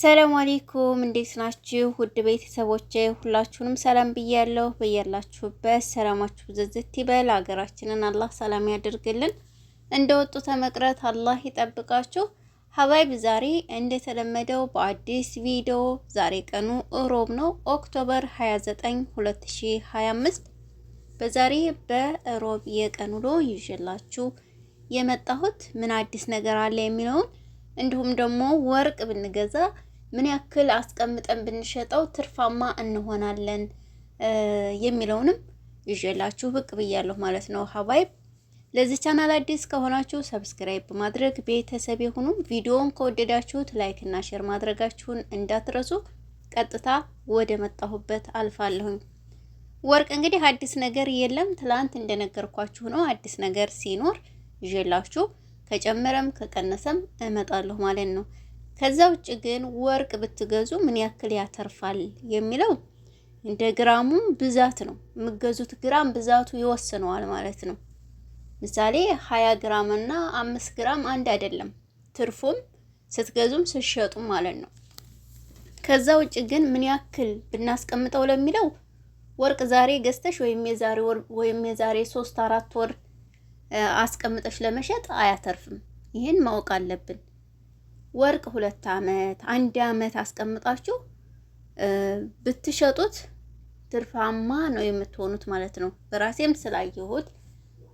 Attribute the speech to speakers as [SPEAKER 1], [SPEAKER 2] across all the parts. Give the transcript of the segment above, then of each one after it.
[SPEAKER 1] ሰላም አሌይኩም እንዴት ናችሁ? ውድ ቤተሰቦቼ ሁላችሁንም ሰላም ብያለሁ። በያላችሁበት ሰላማችሁ ዝዝት ይበል። ሀገራችንን አላህ ሰላም ያደርግልን። እንደ ወጡ ተመቅረት አላህ ይጠብቃችሁ። ሀባይብ ዛሬ እንደተለመደው በአዲስ ቪዲዮ ዛሬ ቀኑ እሮብ ነው ኦክቶበር 29 2025። በዛሬ በእሮብ የቀን ውሎ ይዤላችሁ የመጣሁት ምን አዲስ ነገር አለ የሚለውን እንዲሁም ደግሞ ወርቅ ብንገዛ ምን ያክል አስቀምጠን ብንሸጠው ትርፋማ እንሆናለን የሚለውንም ይዤላችሁ ብቅ ብያለሁ ማለት ነው። ሀባይብ ለዚህ ቻናል አዲስ ከሆናችሁ ሰብስክራይብ በማድረግ ቤተሰብ የሆኑም ቪዲዮውን ከወደዳችሁት ላይክ እና ሼር ማድረጋችሁን እንዳትረሱ። ቀጥታ ወደ መጣሁበት አልፋለሁኝ። ወርቅ እንግዲህ አዲስ ነገር የለም። ትላንት እንደነገርኳችሁ ነው። አዲስ ነገር ሲኖር ይዤላችሁ ከጨመረም ከቀነሰም እመጣለሁ ማለት ነው። ከዛ ውጭ ግን ወርቅ ብትገዙ ምን ያክል ያተርፋል የሚለው እንደ ግራሙ ብዛት ነው። የምገዙት ግራም ብዛቱ ይወስነዋል ማለት ነው። ምሳሌ ሀያ ግራም እና አምስት ግራም አንድ አይደለም፣ ትርፉም ስትገዙም ስትሸጡም ማለት ነው። ከዛ ውጭ ግን ምን ያክል ብናስቀምጠው ለሚለው ወርቅ ዛሬ ገዝተሽ ወይም የዛሬ ወር ወይም የዛሬ ሶስት አራት ወር አስቀምጠሽ ለመሸጥ አያተርፍም። ይህን ማወቅ አለብን። ወርቅ ሁለት አመት አንድ አመት አስቀምጣችሁ ብትሸጡት ትርፋማ ነው የምትሆኑት ማለት ነው። በራሴም ስላየሁት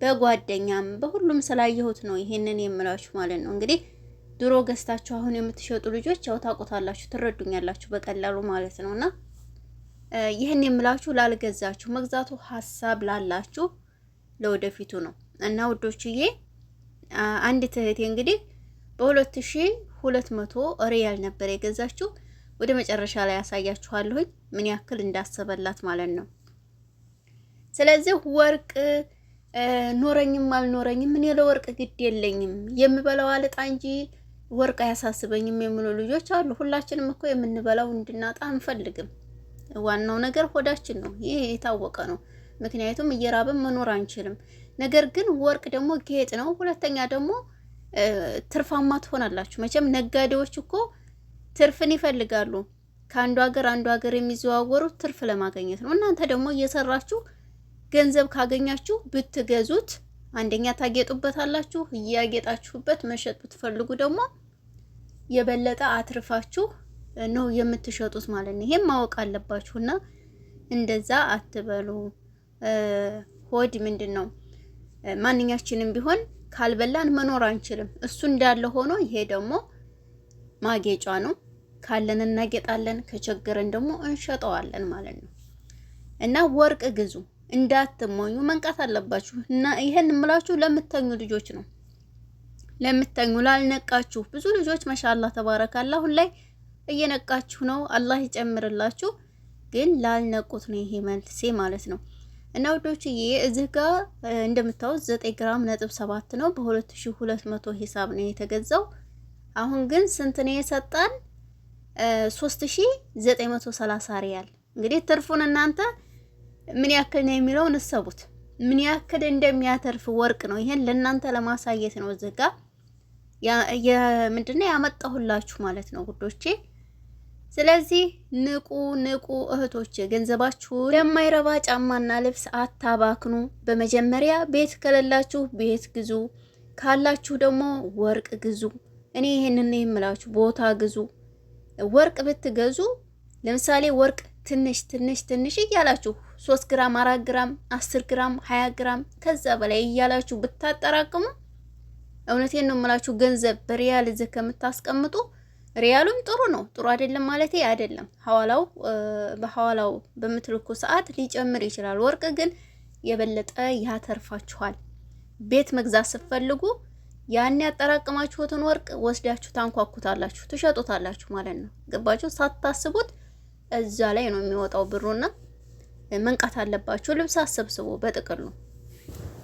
[SPEAKER 1] በጓደኛም በሁሉም ስላየሁት ነው ይሄንን የምላችሁ ማለት ነው። እንግዲህ ድሮ ገዝታችሁ አሁን የምትሸጡ ልጆች ያው ታውቁታላችሁ፣ ትረዱኛላችሁ በቀላሉ ማለት ነው። እና ይህን የምላችሁ ላልገዛችሁ መግዛቱ ሀሳብ ላላችሁ ለወደፊቱ ነው እና ውዶችዬ አንድ ትህቴ እንግዲህ በ2200 ሪያል ነበር የገዛችው። ወደ መጨረሻ ላይ ያሳያችኋለሁኝ ምን ያክል እንዳሰበላት ማለት ነው። ስለዚህ ወርቅ ኖረኝም አልኖረኝም እኔ ለወርቅ ግድ የለኝም የምበላው አልጣ እንጂ ወርቅ አያሳስበኝም የሚሉ ልጆች አሉ። ሁላችንም እኮ የምንበላው እንድናጣ አንፈልግም። ዋናው ነገር ሆዳችን ነው። ይሄ የታወቀ ነው። ምክንያቱም እየራብን መኖር አንችልም። ነገር ግን ወርቅ ደግሞ ጌጥ ነው። ሁለተኛ ደግሞ ትርፋማ ትሆናላችሁ። መቼም ነጋዴዎች እኮ ትርፍን ይፈልጋሉ። ከአንዱ ሀገር አንዱ ሀገር የሚዘዋወሩት ትርፍ ለማገኘት ነው። እናንተ ደግሞ እየሰራችሁ ገንዘብ ካገኛችሁ ብትገዙት አንደኛ ታጌጡበታላችሁ። እያጌጣችሁበት መሸጥ ብትፈልጉ ደግሞ የበለጠ አትርፋችሁ ነው የምትሸጡት ማለት ነው። ይሄም ማወቅ አለባችሁና እንደዛ አትበሉ። ሆድ ምንድን ነው ማንኛችንም ቢሆን ካልበላን መኖር አንችልም። እሱ እንዳለ ሆኖ ይሄ ደግሞ ማጌጫ ነው። ካለን እናጌጣለን፣ ከቸገረን ደግሞ እንሸጠዋለን ማለት ነው። እና ወርቅ ግዙ፣ እንዳትሞኙ፣ መንቃት አለባችሁ። እና ይሄን ምላችሁ ለምተኙ ልጆች ነው። ለምተኙ ላልነቃችሁ፣ ብዙ ልጆች ማሻአላ ተባረካላ፣ አሁን ላይ እየነቃችሁ ነው፣ አላህ ይጨምርላችሁ። ግን ላልነቁት ነው ይሄ መልሴ ማለት ነው። እና ውዶችዬ እዚህ ጋር እንደምታዩት 9 ግራም ነጥብ 7 ነው። በ2200 ሂሳብ ነው የተገዛው። አሁን ግን ስንት ነው የሰጠን? 3930 ሪያል። እንግዲህ ትርፉን እናንተ ምን ያክል ነው የሚለውን እሰቡት። ምን ያክል እንደሚያተርፍ ወርቅ ነው። ይሄን ለእናንተ ለማሳየት ነው እዚህ ጋር ምንድነው ያመጣሁላችሁ ማለት ነው ውዶቼ። ስለዚህ ንቁ ንቁ እህቶች፣ ገንዘባችሁን ለማይረባ ጫማና ልብስ አታባክኑ። በመጀመሪያ ቤት ከሌላችሁ ቤት ግዙ፣ ካላችሁ ደግሞ ወርቅ ግዙ። እኔ ይሄንን የምላችሁ ቦታ ግዙ። ወርቅ ብትገዙ ለምሳሌ ወርቅ ትንሽ ትንሽ ትንሽ እያላችሁ ሶስት ግራም አራት ግራም አስር ግራም ሀያ ግራም ከዛ በላይ እያላችሁ ብታጠራቅሙ እውነቴን ነው የምላችሁ ገንዘብ በሪያል እዚህ ከምታስቀምጡ ሪያሉም ጥሩ ነው። ጥሩ አይደለም ማለት አይደለም። ሐዋላው በሐዋላው በምትልኩ ሰዓት ሊጨምር ይችላል። ወርቅ ግን የበለጠ ያተርፋችኋል። ቤት መግዛት ስትፈልጉ ያን ያጠራቀማችሁትን ወርቅ ወስዳችሁ ታንኳኩታላችሁ፣ ትሸጡታላችሁ ማለት ነው። ገባችሁ? ሳታስቡት እዛ ላይ ነው የሚወጣው ብሩና። መንቃት አለባችሁ። ልብስ አሰብስቡ በጥቅሉ